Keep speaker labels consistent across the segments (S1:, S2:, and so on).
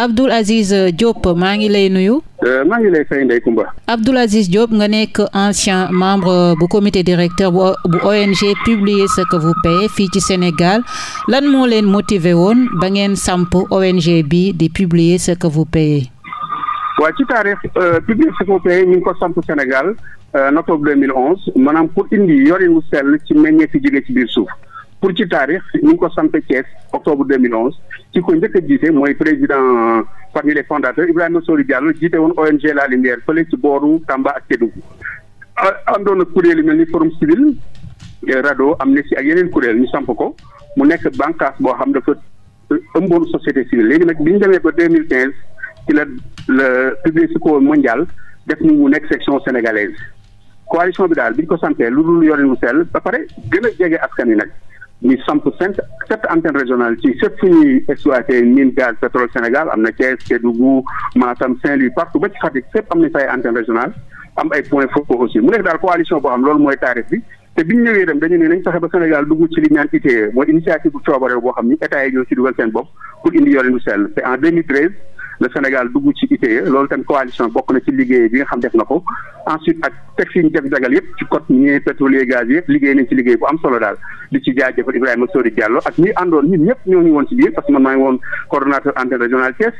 S1: Abdoul Aziz euh, Diop maa ngi lay nuyu.
S2: Euh, maa ngi lay fay Ndeye Comba.
S1: Abdoul Aziz Diop nga nekk ancien membre euh, bu comité directeur bu bu ONG Publiez ce que vous payez fii ci Sénégal lan moo leen motiver woon ba ngeen samp ONG bi di Publiez ce que vous payez.
S2: waaw ci taarix Publiez ce que vous payez ñu ko samp Sénégal en octobre 2011 maanaam pour indi yorin wu sel ci meññeef yi jóge ci biir suuf. pour ci taarix ñu ngi ko sant Thiès octobre 2011 ki ko njëkk jiite mooy président parmi les a Ibrahima Sori Diallo jiite woon ONG La Lumière fële ci booru Tamba ak Kédougou àndoon ak kuréel yu mel ni forum civil eh, RADDHO Amnesty ak yeneen kuréel ñu samp ko mu nekk bànqaas boo xam ne dafa eh, ëmboon société civile léegi nag bi ñu demee ba mille 2015 ci la la Publicico mondial def ni mu nekk section sénégalaise coalition bi daal bi ko santee lu dul yorin lu sell ba pare gën a jege askan wi nag. ñu samp cinq sept antennes régionales ci fépp fu ñuy exploité mine gaz pétrole Sénégal am na Thiès Kédougou Matam Saint-Louis partout ba ci Fatick fépp am na fay antenne régionale am ay points focaux aussi mu nekk daal coalition boo xam loolu mooy taarif bi te biñ ñëwee dem dañu ne nañ fexe ba Sénégal dugg ci li ñaan ITIE mooy initiative bu coobare boo xam ni état yi ñoo ci dugal seen bopp pour indi yorin bu sell te en 2013 le Sénégal dugg ci ITIE loolu tamit coalition bokk na ci liggéey bi nga xam def na ko ensuite ak texte yi ñu def jagal yëpp ci code minier pétrole et gaz yëpp liggéey nañ ci liggéey bu am solo daal di ci jaajëfal Ibrahima Sori Diallo ak ñi àndoon ñun ñëpp ñu woon ci biir parce que man maa ngi woon coordonnateur antenne régionale Thiès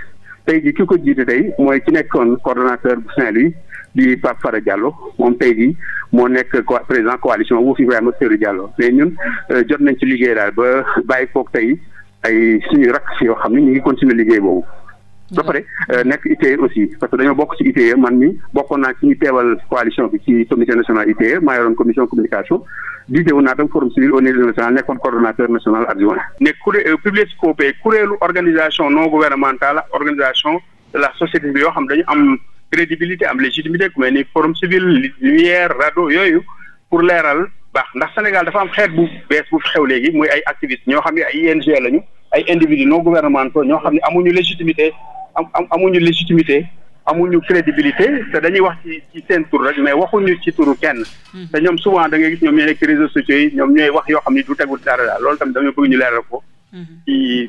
S2: tey jii ki ko jiite tey mooy ki nekkoon coordonnateur bu Saint-Louis di Pape Fara Diallo moom tey jii moo nekk co président coalition Wouf Ibrahima Sori Diallo mais ñun euh, jot nañ ci liggéey daal ba bàyyi foog tey ay suñuy rakk yoo xam ne ñu ngi continuer liggéey boobu. ba pare euh, nekk ITIE aussi parce que dañoo bokk ci ITIE man mi bokkoon naa ci ñu teewal coalition bi ci comité national ITIE maa yoroon commission communication jiite woon naa tam forum civil au niveau national nekkoon coordonnateur national adjoint. nekk kuréel euh, Publiscopé kuréelu organisation non gouvernementale organisation de la société bi yoo xam dañu am crédibilité am légitimité ku mel forum civil lumière radio yooyu pour leeral baax ndax Sénégal dafa am xeet bu bees bu xew léegi muy ay activistes ñoo xam ne ay ING lañu ay individus non gouvernementaux ñoo xam ne amuñu légitimité. am amuñu légitimité amuñu crédibilité te dañuy wax ci ci seen tur rek mais waxuñu ci turu kenn. Hmm. te ñoom souvent da ngay gis ñoom ñooy nekk réseaux sociaux yi ñoom ñooy wax yoo xam ni du tegul dara daal loolu tamit dañoo bëgg ñu leeral ko. Hmm.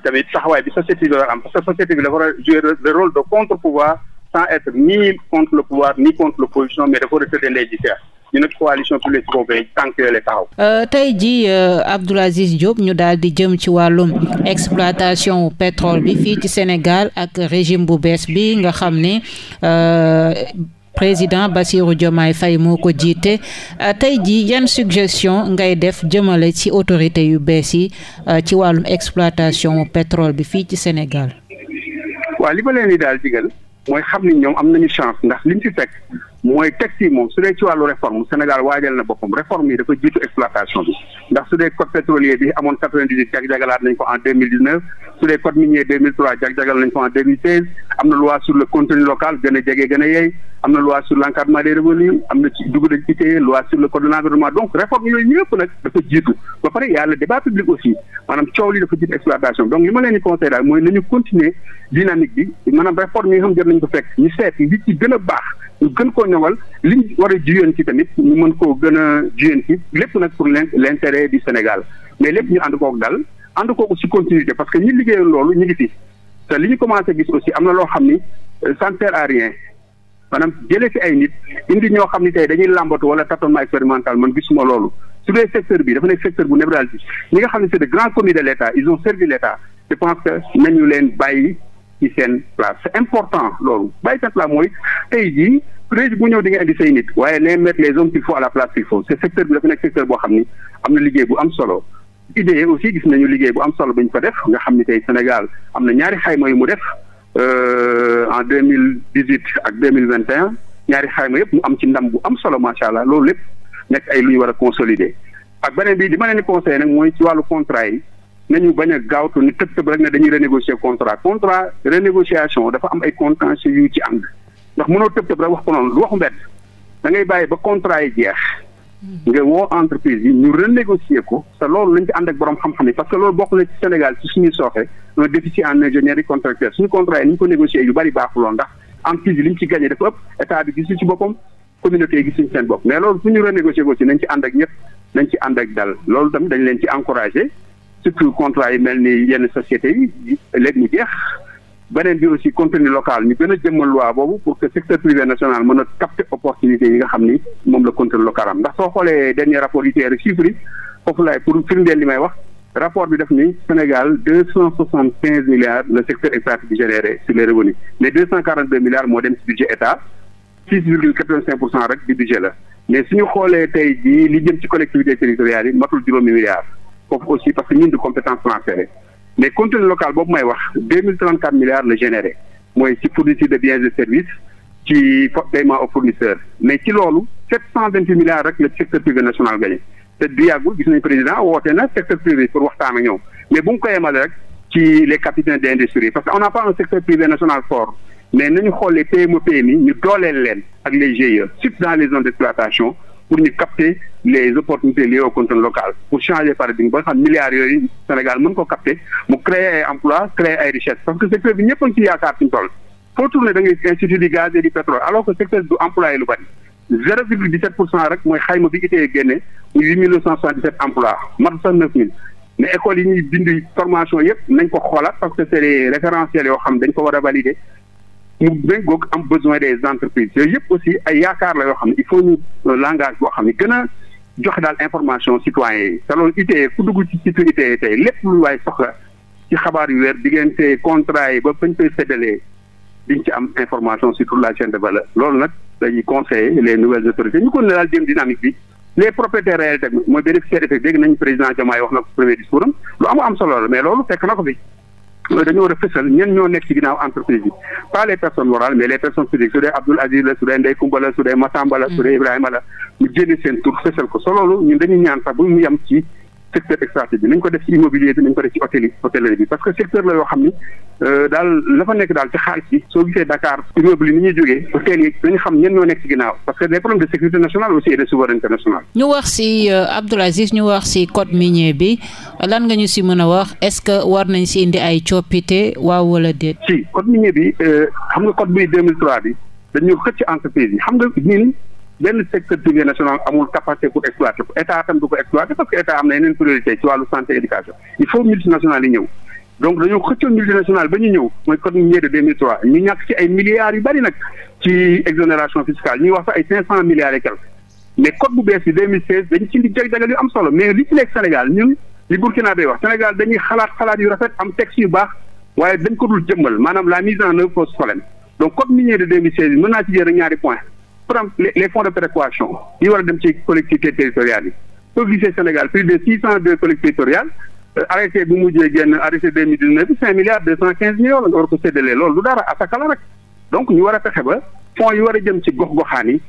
S2: tamit taxawaay bi société bi dafa am parce société bi dafa war jouer le de contre pouvoir sans être ni contre le pouvoir ni contre l'opposition mais dafa war a tëddee ndey ji ñu nag coalition publique boobee tànk yooyu la
S1: euh, tey jii euh, Abdoul Aziz Diop ñu daal di jëm ci wàllum exploitation pétrole bi fii ci Sénégal ak régime bu bees bi nga xam ne. Euh, président Bassirou Diomaye Faye moo ko jiite tey jii yan suggestion ngay def jëmale ci autorité yu bees yi ci wàllum exploitation pétrole bi fii ci Sénégal.
S2: waaw li ma leen di daal digal mooy xam ni ñoom am nañu chance ndax liñ ci fekk mooy texte yi moom su dee ci wàllu réforme Sénégal waajal na boppam réforme yi dafa jiitu exploitation bi ndax su dee code pétrolier bi amoon quatre-vingt-dix-huit jag-jagalaat nañ ko en deux mille dix-neuf dee code minier deux mille trois jag-jagal nañ ko en deux mille seize am na loi sur le contenu local gën a jege gën a yeey am na loi sur l' encadrement des revenus am na ci dugub dañ ci téye loi sur le code de l' environnement donc réforme yooyu yëpp nag dafa jiitu ba pare y a le débat public aussi maanaam coow li dafa jiitu exploitation donc li ma leen di daal mooy nañu continuer dynamique bi maanaam réforme yi nga xam jot ko fekk ñu seet li ci gën a baax ñu gën koo ñoŋal liñ war a jiyeen ci tamit ñu mën koo gën a jiyeen ci nag pour l' intérêt du Sénégal mais lépp ñu ànd kook dal ànd kooku ci parce que ñi liggéeyoon loolu ñu ngi fi te li ñu commencé gis aussi am na loo xam ni euh, ça ne sert à rien maanaam jëlee fi ay nit indi ñoo xam ni tey dañuy làmbatu wala tâtonnement expérimental man gisuma loolu su dee secteur bi dafa nekk secteur bu névralgique ñi nga xam ne c'est de grands commis de l'État ils ont servi l'État je pense que nañu leen bàyyi ci seen place c'est important loolu bàyyi seen place mooy tey jii régi bu ñëw di indi say nit waaye les mettre les hommes qu'il faut à la place qu'il faut c'est secteur nekk boo xam ni am na liggéey bu am solo idée aussi gis nañu liggéey bu am solo bu ñu ko def nga xam ni tey Sénégal am na ñaari xayma yu mu def euh, en deux mille dix huit ak deux mille vingt et un ñaari xayma yëpp mu am ci ndam bu am solo macha allah loolu lépp nekk ay lu ñu war a consolider. ak beneen bi di ma leen di conseillé nag mooy ci wàllu contra yi nañu bañ a gaawtu ni tëb tëb rek ne dañuy renégocier contrat contrat renégociation dafa am ay contentieux yu ci ànd ndax mënoo tëb tëb rek wax ko noonu lu waxu mbedd da ngay bàyyi ba contrat yi jeex. nga woo entreprise yi ñu renégocier ko te loolu lañ ci ànd ak borom xam-xam yi parce que loolu boo na ci Sénégal ci suñuy sooxe un déficit en ingénierie contractuelle suñu contrat yi ni ñu ko négocier yu bari baaxuloon ndax entreprise yi li ñu ci gagné dafa ëpp état bi gisul ci boppam communauté yi seen bopp mais loolu fu ñu renégocier ko ci nañ ci ànd ak ñëpp nañ ci ànd ak dal loolu tamit dañ leen ci encouragé surtout contrat yi mel n yenn sociétés yi léegi mu beneen bi aussi contenu local ñu gën a jëmmal loi boobu pour que secteur privé national mën a capter opportunité yi nga xam ni moom la contenu local am ndax soo xoolee dernier rapport UTR chiffres yi foofu laay pour firndeel li may wax rapport bi def ni Sénégal deux cent soixante quinze milliards le secteur extractif bi généré sur les revenus mais deux cent quarante deux milliards moo dem ci budget état six virgule quatre vingt cinq pour tey jii ci collectivités territoriales yi matul juróomi milliards foofu aussi parce que ñun du mais contenu local boobu may wax deux mille trente quatre milliards la généré mooy ci fourniture de biens et services ci paiement aux fournisseurs mais ci loolu sept cent vingt huit milliards rek le secteur privé national gagné te du yàggul gis nañu président woote na secteur privé pour waxtaan ak ñoom mais bu mu ko yemale rek ci les capitaines d'industrie parce on n'a pas un secteur privé national fort mais nañu xool les PME PMI ñu dooleel leen ak les GIE surtout dans les zones pour ñu capter les opportunités liées au contenu local pour changer paradigme ba nga xam milliards yooyu Sénégal mën ko capter mu créer ay créer ay richesses parce que secteur bi ñëpp a ngi ci yaakaar suñu foo tourné da institut du gaz et pétrole alors que secteur du employé lu bari zéro virgule dix sept pour cent rek mooy xayma bi itee génne muy huit mille neuf cent soixante dix sept emplois mat sax neuf mille mais écoles yi ñuy bind formation yëpp nañ ko xoolaat parce que c'est des xam dañ ko war a valider mu méngóog am besoin des entreprises yooyu yëpp aussi ay yaakaar la yoo xam ne il faut ñu euh, langage boo xam ni gën a joxe daal information citoyen yi te loolu ITIE ku dugg ci situ ITIE tey lépp lu waaye soxla ci xabaar yu weer diggante contrat yi ba fañ koy séddalee diñ ci am information sur toute la chaîne valeur loolu nag dañuy conseiller les nouvelles autorités ñu kon ne daal jëm dynamique bi les propriétaires réels tamit mooy bénéficiaire effectif dégg nañu président na ko premier discours am lu am am solo la mais loolu fekk na ko fi dañoo war a fësal ñen ñoo nekk ci ginnaaw entreprise yi pas les personnes morales mais les personnes physiques su dee Abdoul Aziz la su dee Ndeye Kumba la su dee Massamba la su dee mm. Ibrahima la ñu génne seen tur fësal ko soloolu ñun dañuy ñaan sax bu mu yem ci secteur extractif bi nañ ko def ci immobilier bi ko def ci hôtel yi hôtellerie bi parce que secteur la yoo xam ni euh, daal la fa nekk daal ci xaalis bi soo gisee Dakar ni ñuy jógee hôtel yi nañu xam ñen ñoo nekk ci ginnaaw parce que des de sécurité nationale aussi et de souveraineté nationale.
S1: ñu wax si euh, Abdou Aziz ñu wax si code minier bi lan nga ñu si mën a wax est-ce que war nañ si indi ay coppite waaw wala déet.
S2: si code minier bi euh, xam nga code bi 2003 bi dañu xëcc entreprise xam nga ñun. benn secteur privé national amul capacité pour exploiter tam du ko exploiter parce que am na yeneen priorité ci wàllu santé éducation il faut multinationales yi ñëw donc dañoo xëccoon multinationale ba ñu ñëw mooy code minier de 2003 ñu ñàkk ci ay milliards yu bari nag ci exonération fiscale ñuy wax sax ay cinq cent et quelque mais code bu bees bi 2016 dañ ci di jag-jagal yu am solo mais li ci nekk Sénégal ñun li Burkina bay wax Sénégal dañuy xalaat xalaat yu rafet am texte yu baax waaye dañ ko dul jëmmal maanaam la mise en œuvre pose problème donc code minier de pour am les fonds de péréquation yi war a dem ci collectivités territoriales yi soo gisee Sénégal plus de six cent deux collectivités territoriales euh, arrêté bu mujjee génn arrêté deux mille dix neuf cinq milliards deux cent quinze millions la nga war ko séddalee loolu du dara a la rek donc ñu war a fexe ba fonds yi war a jëm ci gox-goxaan yi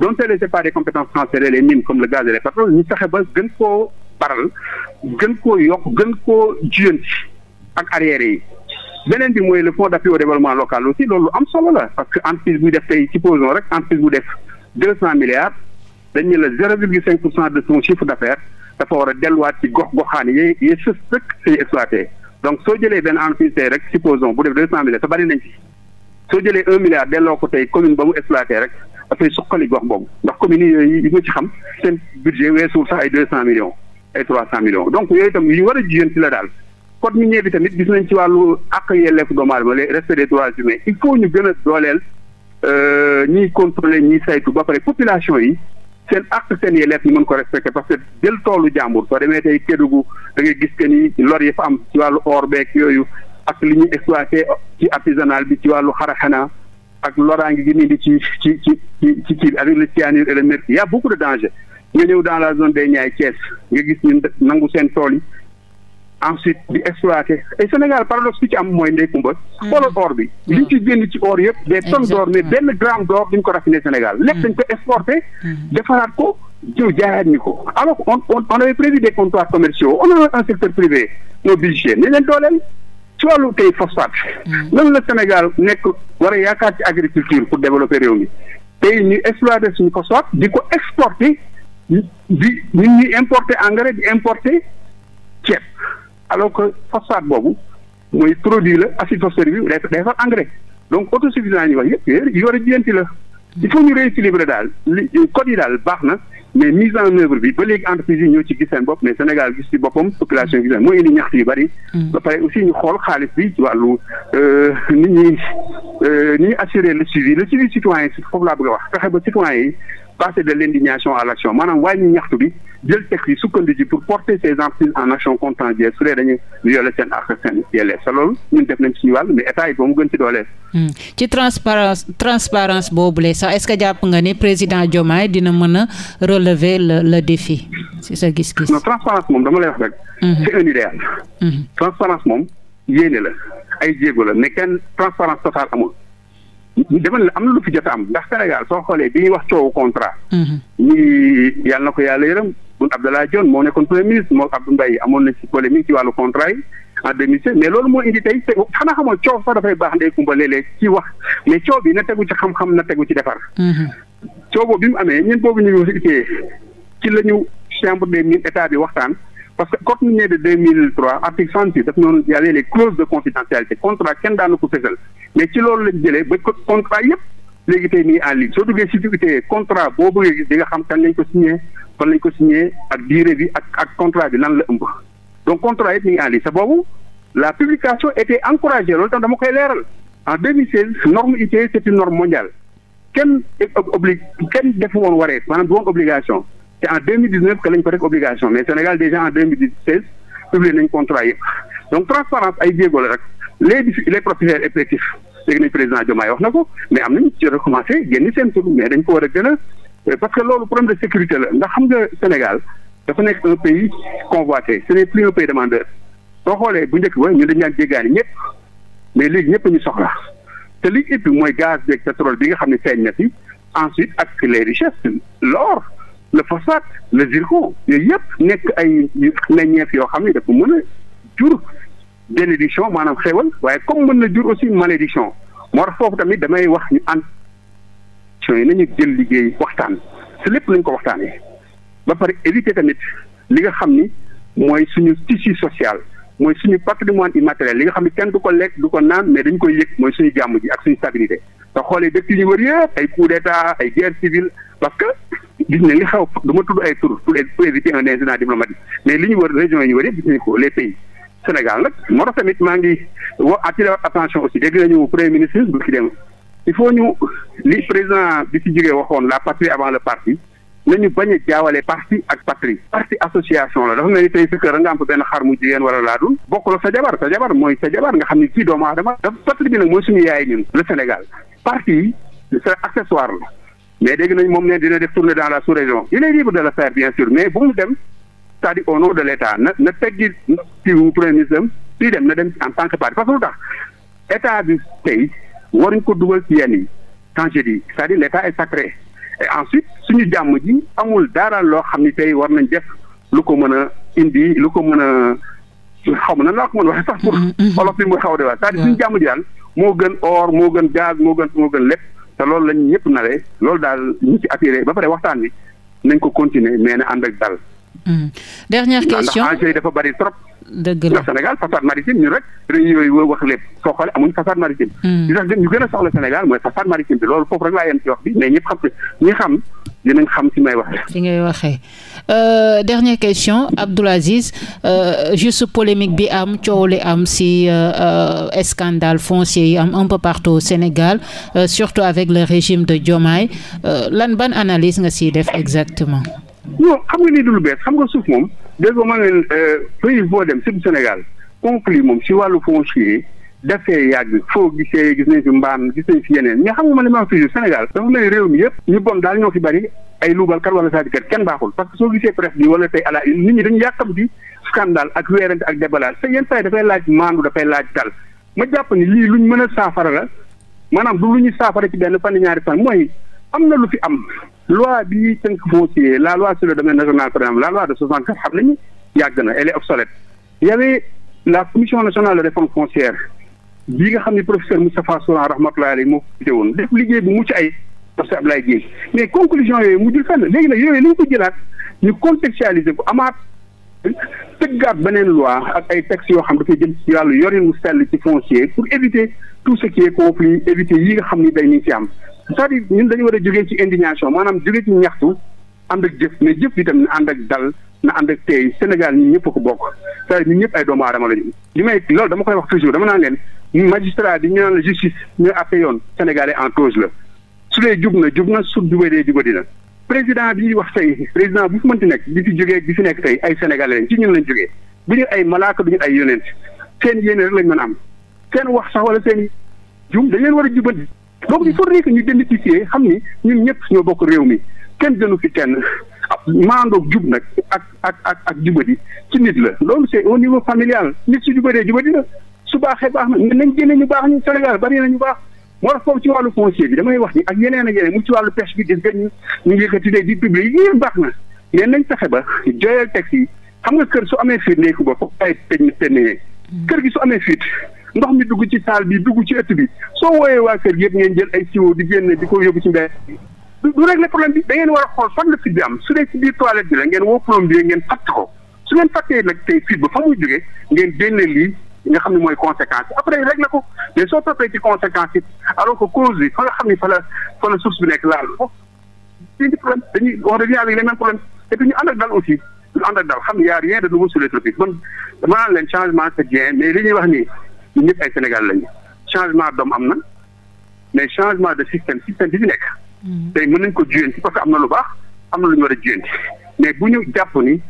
S2: donte les c'est pas des compétences transférées les mines comme le gaz et les pétroles ñu fexe ba gën koo baral gën koo yokk gën koo juyanti ak arrière yi beneen bi mooy le fonds d'appui au développement local aussi loolu am solo la parce que entreprise buy def tey supposons rek entreprise bu def deux cent milliards dañ ne la zéro virgule cinq pour cent de son chiffre d'affaires dafa war a ci gox goxaan yi yi sës rek suñu exploité donc soo jëlee benn entreprise tey rek supposons bu def deux cent milliards te bari nañ ci soo jëlee un milliard delloo ko tey commune ba mu exploité rek dafay suqali gox boobu ndax communes yi yooyu yi nga ci xam seen budget weesuul la daal code minier bi tamit gis nañ ci wàllu àq yelleefu doomu aadama le respect des droits humains il faut ñu gën a dooleel euh, ñiy contrôler ñiy saytu ba pare population yi seen àq seen yelleef ñu mën ko respecté parce que jël toolu jàmbur soo demee tey Kédougou da ngay gis que ni lor yi fa am ci wàllu or beek yooyu ak li ñuy exploité ci artisanal bi ci wàllu xaraxana ak loraange gi nii di ci ci ci ci ci ci avec le cyanure et le y a beaucoup de danger nga ñëw dans la zone de Niayes Thiès nga gis ñu nangu seen tool yi ensuite di exploité et Sénégal par bi ci am mooy ndey kumba mm. xoolal or bi liñ ci génn ci or yëpp des tonnes d'or mais benn gramme d'or duñ ko raffiné Sénégal lépp mm. dañ ko exporté mm. defaraat ko ñëw jaayaat ko alors on on avait prévu des comptoirs commerciaux on avait un secteur privé nos budgets ni leen dooleel ci wàllu tey phosphate lan la Sénégal nekk war a yaakaar ci agriculture pour développer réew mi tey ñu exploité suñu phosphate di ko exporté di ni ñuy importé engrais di importé ceeb alors que phosphate boobu mooy produit la acide phosphorique bi day far engrais donc autosuffisance yi wax yëpp yore jiyanti la il faut ñu rééquilibrer daal li code yi daal baax na mais mise en œuvre bi ba léegi entreprise yi ñoo ci gis en bopp mais Sénégal gis ci boppam population yi gis seen mooy indi ñaxtu yu bari. Mm. ba pare aussi ñu xool xaalis bi ci wàllu euh, nit ñi euh, ni ñuy assurer le suivi le suivi citoyen foofu laa bëgg a wax fexe ba citoyen yi passer de l'indignation à l'action maanaam wàññi ñaxtu bi jël texte yi sukkandu ji pour porter ces entreprises en action contre Dieu su dee dañuy violer seen ak yelleef sa loolu ñun def nañ suñu wàll mais état yi ba mu gën ci dooleel.
S1: Hmm. ci transparence transparence boobule sax est jàpp nga ne président Diomaye dina mën a relever le le défi
S2: si sa gis-gis. non transparence moom dama lay wax rek. Hmm. c'est un idéal. Hmm. transparence moom yéene la ay jéego la mais kenn dama ne am na lu fi jot am ndax Sénégal soo xoolee bi ñuy wax coowu contrat. ñuy mhm. yàlla na ko yàlla yërëm Boun Abdallah Dionne moo nekkoon premier ministre moo Abdou Mbaye amoon na ci polémique ci wàllu contrat yi en 2007 mais loolu moo indi tey te xanaa xamoon coow sax dafay baax ndey kumba léeg ci wax mais coow bi na tegu ci xam-xam na tegu ci defar. Mhm. coow bi mu amee ñun boobu ñu ngi ci la ñu chambre des mines état bi waxtaan. parce que code minier de 2003 article 68 daf noonu y avait les clauses de confidentialité contrat kenn daana ko fësal mais ci loolu lañ jëlee ba contrat yëpp léegi tey nii en ligne soo duggee si duggee contrat boo bëggee gis di nga xam kan lañ ko signé fan lañ ko signé ak durée bi ak ak contrat bi nan la ëmb donc contrat yëpp mi ngi en ligne sa boobu la publication était encouragée loolu tam dama koy leeral en 2016 norme ITIE c' est une norme kenn obli kenn defu woon waree maanaam c'est en 2019 que lañ ko rek obligation mais Sénégal déjà en 2016 publié nañ contrat yëpp donc transparence ay jéego la rek les les professeurs effectifs dégg nañ président Diomaye wax na ko mais am nañ ci recommencé génn seen tur mais dañ ko war a gën a euh, parce que loolu problème de sécurité la ndax xam nga Sénégal dafa nekk un pays convoité ce n'est plus un pays demandeur soo xoolee bu njëkk ba ñun dañ daan jéggaani ñëpp mais léegi ñëpp ñu soxla te li ëpp mooy gaz beeg pétrole bi nga xam ne feeñ na fi ensuite ak les richesses phosphate le zircon yooyu yëpp nekk ay meññeef yoo xam ne dafa mën a jur bénédiction maanaam xéwal waaye comme mën na jur aussi malédiction moo tax foofu tamit damay wax ñu ànd yi nañu jël liggéey waxtaan si lépp nañ ko waxtaanee ba pare éviter tamit li nga xam ni mooy suñu tissu social mooy suñu patrimoine immatériel li nga xam ne kenn du ko lekk du ko naan mais dañ koy yëg mooy suñu jàmm ji ak suñu stabilité te xoolee dëkk yi ñu wër yëpp ay gis ne li xaw du tudd ay tur pour éviter un incident diplomatique mais li ñu wër région yi ñu wër yëpp gis nañu pays Sénégal nag moo tax tamit maa ngi wa attiré attention aussi dégg nañu premier ministre bu ci dem il faut ñu li président bi ci jógee waxoon la patrie avant le parti nañu bañ a jaawale parti ak patrie parti association la dafa mel ni tey fekk da nga am benn xar mu jigéen wala laa dul bokkul sa jabar sa jabar mooy sa jabar nga xam mais dégg nañ moom ne dina def tournée dans la sous-région il est libre de le faire bien sûr mais bu mu dem c'est-à-dire au nom de l'état na na teggi tiwu premier ministre am fii dem na dem en tant que parti parce que lu tax état bi tey war waruñ ko dugal ci yenn yi quand je dis c'est-à-dire l'état est sacré et ensuite suñu jàmm ji amul dara loo xam ni tey war nañ def lu ko mën a indi lu ko mën a xaw ma nan laa ko mën wax waxee sax pour mm-hmm, mm-hmm. olof bi mu xaw a déwén cest suñu jàmm ji daal moo gën or moo gën gaz moo gën moo gën lépp te loolu lañ ñëpp naree loolu daal ñu ci attiré ba pare waxtaan bi nañ ko continuer mais na ànd ak dal.
S1: Hmm. dernière question
S2: ndax enjeu yi dafa bari trop. dëgg la ndax Sénégal façade maritime ñun rek réunions yooyu wax lépp soo xoolee façade maritime. Hmm. li tax ñu gën a soxla Sénégal mooy façade maritime bi loolu foofu rek laa yem ci wax bi mais ñëpp xam ñi xam dinañ xam fi may waxee.
S1: fi ngay waxee euh, dernière question Abdoul Aziz euh, juste polémique bi am coow li am si euh, euh, scandale foncier yi am un peu partout Sénégal euh, surtout avec le régime de Diomaye euh, lan ban analyse nga siy def exactement.
S2: non xam nga ni du lu bees xam nga suuf moom. dégg nga man leen pays boo dem surtout Sénégal conflit moom si wàllu foncier. dafee yàgg foo gisee gis nañ fi mbaam gis nañ fi yeneen mais xam nga man li ma am toujours Sénégal dafa mel ni réew mi yëpp ñu bon daal ñoo fi bari ay luubalkat wala saadikat kenn baaxul parce que soo gisee presse bi wala tey à la une nit ñi dañu yàkkam di scandale ak weerante ak déballage te yenn saa dafay laaj maandu dafay laaj dal ma jàpp ni lii luñ mën a saafara la maanaam du lu ñu saafara ci benn fan ñaari fan mooy am na lu fi am loi bi tënk foncier la loi sur la loi de 64 xam nañu na elle la commission nationale de bii nga xam ne professeur Moustapha Souran rahmatullahi alayhi moo ko woon def liggéey bu mucc ay professeur Abdoulaye Dièye mais conclusion yooyu mujjul fenn léegi nag yooyu lañ ko jëlaat ñu contextualiser ko amaat tëggaat beneen loi ak ay textes yoo xam dafay jëm ci wàllu yorin wu sell ci foncier pour éviter tout ce qui est conflit éviter yi nga xam ni day ni ci am cest à ñun dañu war a jógee ci indignation maanaam jógee ci ñaxtu ànd ak jëf mais jëf bi na ànd ak dal na ànd ak Sénégal ñun ñëpp ko bokk c'est-à-dire ñun ñëpp ay dama koy wax toujours dama naan leen magistrat bi ñu naan la justice ñu àtte yoon sénégalais en cause la su dee jub na jub na su jubadee jubadi na président bi wax tey président bu fi mënti nekk bi fi jógee bi fi nekk tey ay sénégalais lañ ci ñun lañ jógee bu ñu ay malaaka du ñu ay yonent seen yéene rek lañ mën am seen wax sax wala seen jum dañ leen war a jubadi donc il faudrait que ñu démystifier xam ni ñu ñëpp suñoo bokk réew mi kenn gënu fi kenn maandoog jub nag ak ak ak ak yi ci nit la loolu c'est au niveau familial nit su jubadee jubadi la su baaxee baax na mais nañ génne ñu baax ñu Sénégal bari na baax moo tax foofu ci wàllu foncier bi damay wax ni ak yeneen ak yeneen mu ci wàllu pêche bi gis nga ñu ñu yëkkati de baax na mais nañ fexe ba jooyal texte yi xam nga kër su amee fiit néeku ba foofu ay peñ peñ hmm. kër gi su amee fiit ndox mi dugg ci saal bi dugg ci ëtt bi soo wooyee waa kër gi yëpp ngeen jël ay siwo di génne di ko yóbbu ci mbéy du du régler problème bi da ngeen war a xool fan la fit bi am su dee ci biir toilette bi la ngeen ngeen fatt ko su ngeen fàttee nag tey fiit ba fa muy jógee ngeen génne lii yi nga xam ne mooy conséquence yi après rek na ko mais soo toppee ci conséquence yi alors que cause bi fa nga xam ne fa la fa la source bi nekk laal foofu dañuy problème dañuy on revient avec les mêmes problèmes et puis ñu ànd dal aussi ñu ànd ak dal xam ne y a rien de nouveau sur les tropiques man dama naan leen changement c'est bien mais li ñuy wax nii ñun ñëpp ay Sénégal lañu changement doom am na mais changement de système système bi fi nekk. Mm. tey mën nañ ko juyanti parce am na lu baax am lu ñu war a juyanti bu ñu jàpp ni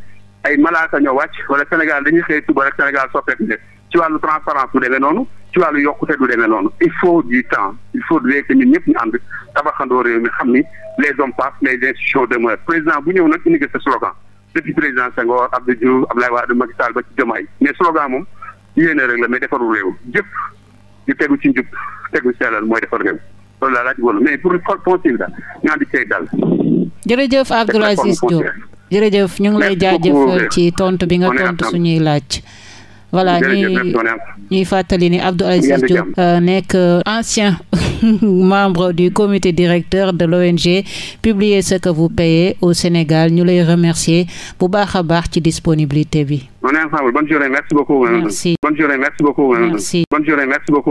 S2: ay malaaka ñoo wàcc wala Sénégal dañuy xëy tuba rek Sénégal soppeeku ci wàllu transparence du demee noonu ci wàllu yokkute du demee noonu il faut du temps il faut que ñun ñëpp ñu ànd tabaxandoo réew mi xam ni les hommes les institutions demeurent président bu ñëw nag indi nga sa slogan depuis président Senghor Abdou Diouf Abdoulaye Wade Macky la mais defarul réew jëf ñu tegu ci njub tegu ci mooy defar réew loolu laa laaj pour foncier bi daal
S1: jërëjëf Abdou Aziz Diop jërëjëf ci tontu bi nga tontu suñuy laaj. voilà ñuy ñuy fàttali ni Abdou Aziz Diop euh, nekk euh, ancien membre du comité directeur de l'ONG Publiez ce que vous payez au Sénégal ñu lay remercier bu baax a baax ci disponibilité bi.
S2: On est ensemble. Bonne